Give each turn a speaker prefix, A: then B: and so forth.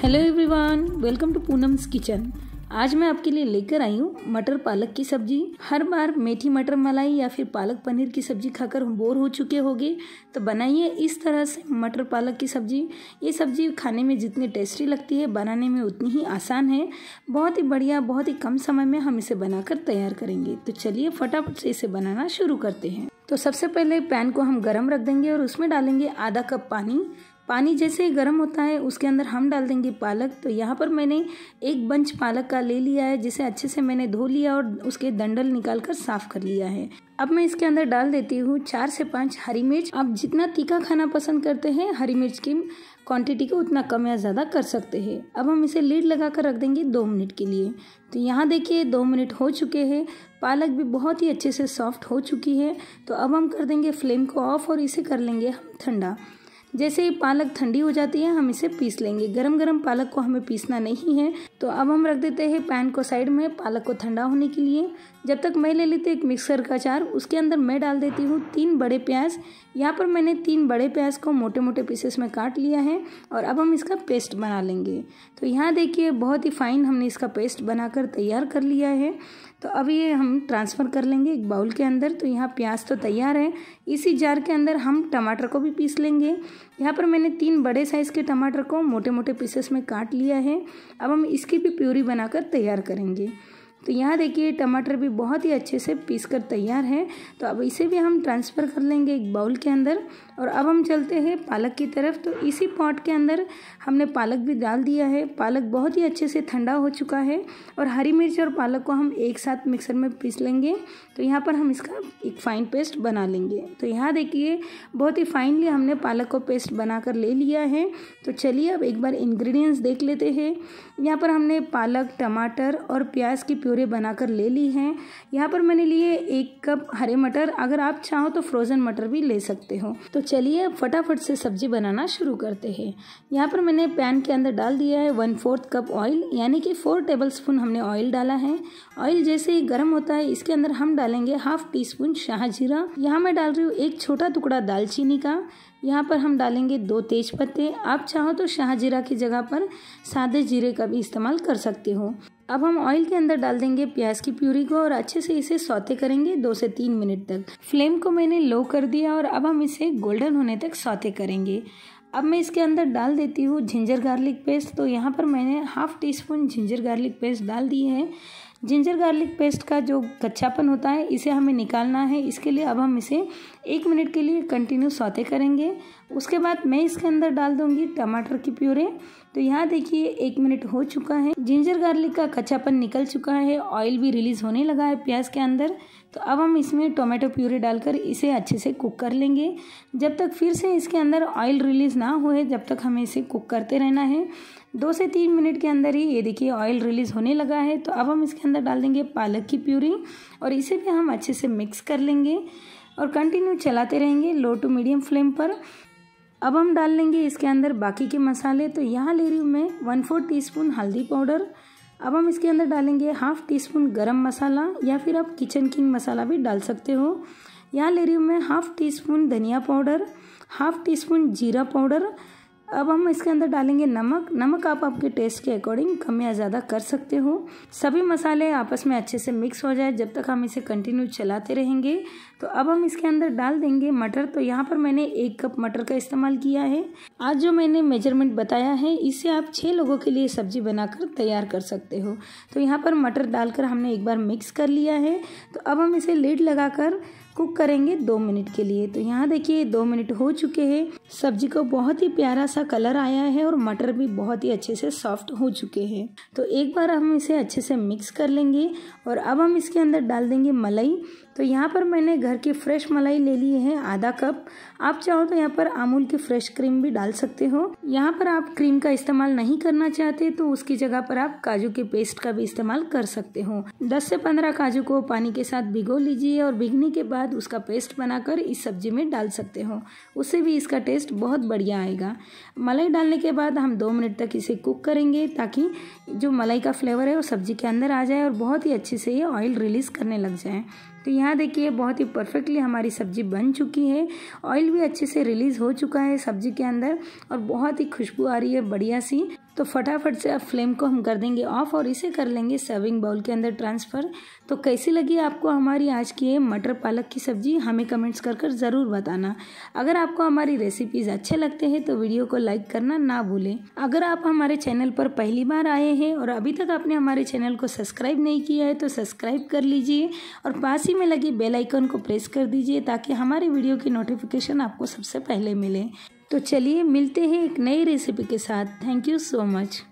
A: Hello everyone, welcome to Poonam's Kitchen. आज मैं आपके लिए लेकर आई हूँ मटर पालक की सब्जी हर बार मेथी मटर मलाई या फिर पालक पनीर की सब्जी खाकर बोर हो चुके होंगे तो बनाइए इस तरह से मटर पालक की सब्जी ये सब्जी खाने में जितनी टेस्टी लगती है बनाने में उतनी ही आसान है बहुत ही बढ़िया बहुत ही कम समय में हम इसे बनाकर तैयार करेंगे तो चलिए फटाफट से इसे बनाना शुरू करते हैं तो सबसे पहले पैन को हम गर्म रख देंगे और उसमें डालेंगे आधा कप पानी पानी जैसे ही गर्म होता है उसके अंदर हम डाल देंगे पालक तो यहाँ पर मैंने एक बंच पालक का ले लिया है जिसे अच्छे से मैंने धो लिया और उसके दंडल निकाल कर साफ़ कर लिया है अब मैं इसके अंदर डाल देती हूँ चार से पाँच हरी मिर्च आप जितना तीखा खाना पसंद करते हैं हरी मिर्च की क्वांटिटी को उतना कम या ज़्यादा कर सकते हैं अब हम इसे लीड लगा कर रख देंगे दो मिनट के लिए तो यहाँ देखिए दो मिनट हो चुके हैं पालक भी बहुत ही अच्छे से सॉफ्ट हो चुकी है तो अब हम कर देंगे फ्लेम को ऑफ और इसे कर लेंगे हम ठंडा जैसे ही पालक ठंडी हो जाती है हम इसे पीस लेंगे गरम गरम पालक को हमें पीसना नहीं है तो अब हम रख देते हैं पैन को साइड में पालक को ठंडा होने के लिए जब तक मैं ले लेती हूँ एक मिक्सर का चार उसके अंदर मैं डाल देती हूँ तीन बड़े प्याज यहाँ पर मैंने तीन बड़े प्याज को मोटे मोटे पीसेस में काट लिया है और अब हम इसका पेस्ट बना लेंगे तो यहाँ देखिए बहुत ही फाइन हमने इसका पेस्ट बनाकर तैयार कर लिया है तो अब ये हम ट्रांसफ़र कर लेंगे एक बाउल के अंदर तो यहाँ प्याज तो तैयार है इसी जार के अंदर हम टमाटर को भी पीस लेंगे यहाँ पर मैंने तीन बड़े साइज़ के टमाटर को मोटे मोटे पीसेस में काट लिया है अब हम इसकी भी प्यूरी बनाकर तैयार करेंगे तो यहाँ देखिए टमाटर भी बहुत ही अच्छे से पीस कर तैयार है तो अब इसे भी हम ट्रांसफ़र कर लेंगे एक बाउल के अंदर और अब हम चलते हैं पालक की तरफ तो इसी पॉट के अंदर हमने पालक भी डाल दिया है पालक बहुत ही अच्छे से ठंडा हो चुका है और हरी मिर्च और पालक को हम एक साथ मिक्सर में पीस लेंगे तो यहाँ पर हम इसका एक फ़ाइन पेस्ट बना लेंगे तो यहाँ देखिए बहुत ही फाइनली हमने पालक को पेस्ट बना कर ले लिया है तो चलिए अब एक बार इन्ग्रीडियंट्स देख लेते हैं यहाँ पर हमने पालक टमाटर और प्याज की प्योरे बनाकर ले ली है यहाँ पर मैंने लिए एक कप हरे मटर अगर आप चाहो तो फ्रोज़न मटर भी ले सकते हो तो चलिए फटाफट से सब्जी बनाना शुरू करते हैं यहाँ पर मैंने पैन के अंदर डाल दिया है वन फोर्थ कप ऑयल यानी कि फोर टेबल स्पून हमने ऑयल डाला है ऑयल जैसे ही गर्म होता है इसके अंदर हम डालेंगे हाफ टी स्पून शाहजीरा यहाँ मैं डाल रही हूँ एक छोटा टुकड़ा दालचीनी का यहाँ पर हम डालेंगे दो तेज पत्ते आप चाहो तो शाहजीरा की जगह पर सादे जीरे का भी इस्तेमाल कर सकते हो अब हम ऑयल के अंदर डाल देंगे प्याज की प्यूरी को और अच्छे से इसे सौते करेंगे दो से तीन मिनट तक फ्लेम को मैंने लो कर दिया और अब हम इसे गोल्डन होने तक सौते करेंगे अब मैं इसके अंदर डाल देती हूँ जिंजर गार्लिक पेस्ट तो यहाँ पर मैंने half teaspoon ginger garlic paste डाल दी है जिंजर गार्लिक पेस्ट का जो कच्चापन होता है इसे हमें निकालना है इसके लिए अब हम इसे एक मिनट के लिए कंटिन्यू सौते करेंगे उसके बाद मैं इसके अंदर डाल दूँगी टमाटर की प्यूरे तो यहाँ देखिए एक मिनट हो चुका है जिंजर गार्लिक का कच्चापन निकल चुका है ऑयल भी रिलीज होने लगा है प्याज के अंदर तो अब हम इसमें टोमेटो प्यूरी डालकर इसे अच्छे से कुक कर लेंगे जब तक फिर से इसके अंदर ऑयल रिलीज ना हुए जब तक हमें इसे कुक करते रहना है दो से तीन मिनट के अंदर ही ये देखिए ऑयल रिलीज होने लगा है तो अब हम इसके अंदर डाल देंगे पालक की प्यूरी और इसे भी हम अच्छे से मिक्स कर लेंगे और कंटिन्यू चलाते रहेंगे लो टू मीडियम फ्लेम पर अब हम डाल लेंगे इसके अंदर बाकी के मसाले तो यहाँ ले रही हूँ मैं वन फोर टीस्पून हल्दी पाउडर अब हम इसके अंदर डालेंगे हाफ टी स्पून गर्म मसाला या फिर आप किचन किंग मसाला भी डाल सकते हो यहाँ ले रही हूँ मैं हाफ टी स्पून धनिया पाउडर हाफ टी स्पून जीरा पाउडर अब हम इसके अंदर डालेंगे नमक नमक आप आपके टेस्ट के अकॉर्डिंग कम या ज़्यादा कर सकते हो सभी मसाले आपस में अच्छे से मिक्स हो जाए जब तक हम इसे कंटिन्यू चलाते रहेंगे तो अब हम इसके अंदर डाल देंगे मटर तो यहाँ पर मैंने एक कप मटर का इस्तेमाल किया है आज जो मैंने मेजरमेंट बताया है इसे आप छः लोगों के लिए सब्जी बनाकर तैयार कर सकते हो तो यहाँ पर मटर डालकर हमने एक बार मिक्स कर लिया है तो अब हम इसे लेड लगा कुक करेंगे दो मिनट के लिए तो यहाँ देखिए दो मिनट हो चुके हैं सब्जी को बहुत ही प्यारा सा कलर आया है और मटर भी बहुत ही अच्छे से सॉफ्ट हो चुके हैं तो एक बार हम इसे अच्छे से मिक्स कर लेंगे और अब हम इसके अंदर डाल देंगे मलाई तो यहाँ पर मैंने घर की फ्रेश मलाई ले ली है आधा कप आप चाहो तो यहाँ पर अमूल की फ्रेश क्रीम भी डाल सकते हो यहाँ पर आप क्रीम का इस्तेमाल नहीं करना चाहते तो उसकी जगह पर आप काजू के पेस्ट का भी इस्तेमाल कर सकते हो 10 से 15 काजू को पानी के साथ भिगो लीजिए और भिगने के बाद बाद उसका पेस्ट बनाकर इस सब्जी में डाल सकते हो उससे भी इसका टेस्ट बहुत बढ़िया आएगा मलाई डालने के बाद हम दो मिनट तक इसे कुक करेंगे ताकि जो मलाई का फ्लेवर है वो सब्जी के अंदर आ जाए और बहुत ही अच्छे से ये ऑयल रिलीज़ करने लग जाए तो यहाँ देखिए बहुत ही परफेक्टली हमारी सब्ज़ी बन चुकी है ऑयल भी अच्छे से रिलीज़ हो चुका है सब्ज़ी के अंदर और बहुत ही खुशबू आ रही है बढ़िया सी तो फटाफट से अब फ्लेम को हम कर देंगे ऑफ और इसे कर लेंगे सर्विंग बाउल के अंदर ट्रांसफ़र तो कैसी लगी आपको हमारी आज की मटर पालक की सब्ज़ी हमें कमेंट्स कर कर ज़रूर बताना अगर आपको हमारी रेसिपीज़ अच्छे लगते हैं तो वीडियो को लाइक करना ना भूलें अगर आप हमारे चैनल पर पहली बार आए हैं और अभी तक आपने हमारे चैनल को सब्सक्राइब नहीं किया है तो सब्सक्राइब कर लीजिए और पास ही में लगी बेलाइकन को प्रेस कर दीजिए ताकि हमारे वीडियो की नोटिफिकेशन आपको सबसे पहले मिले तो चलिए मिलते हैं एक नई रेसिपी के साथ थैंक यू सो मच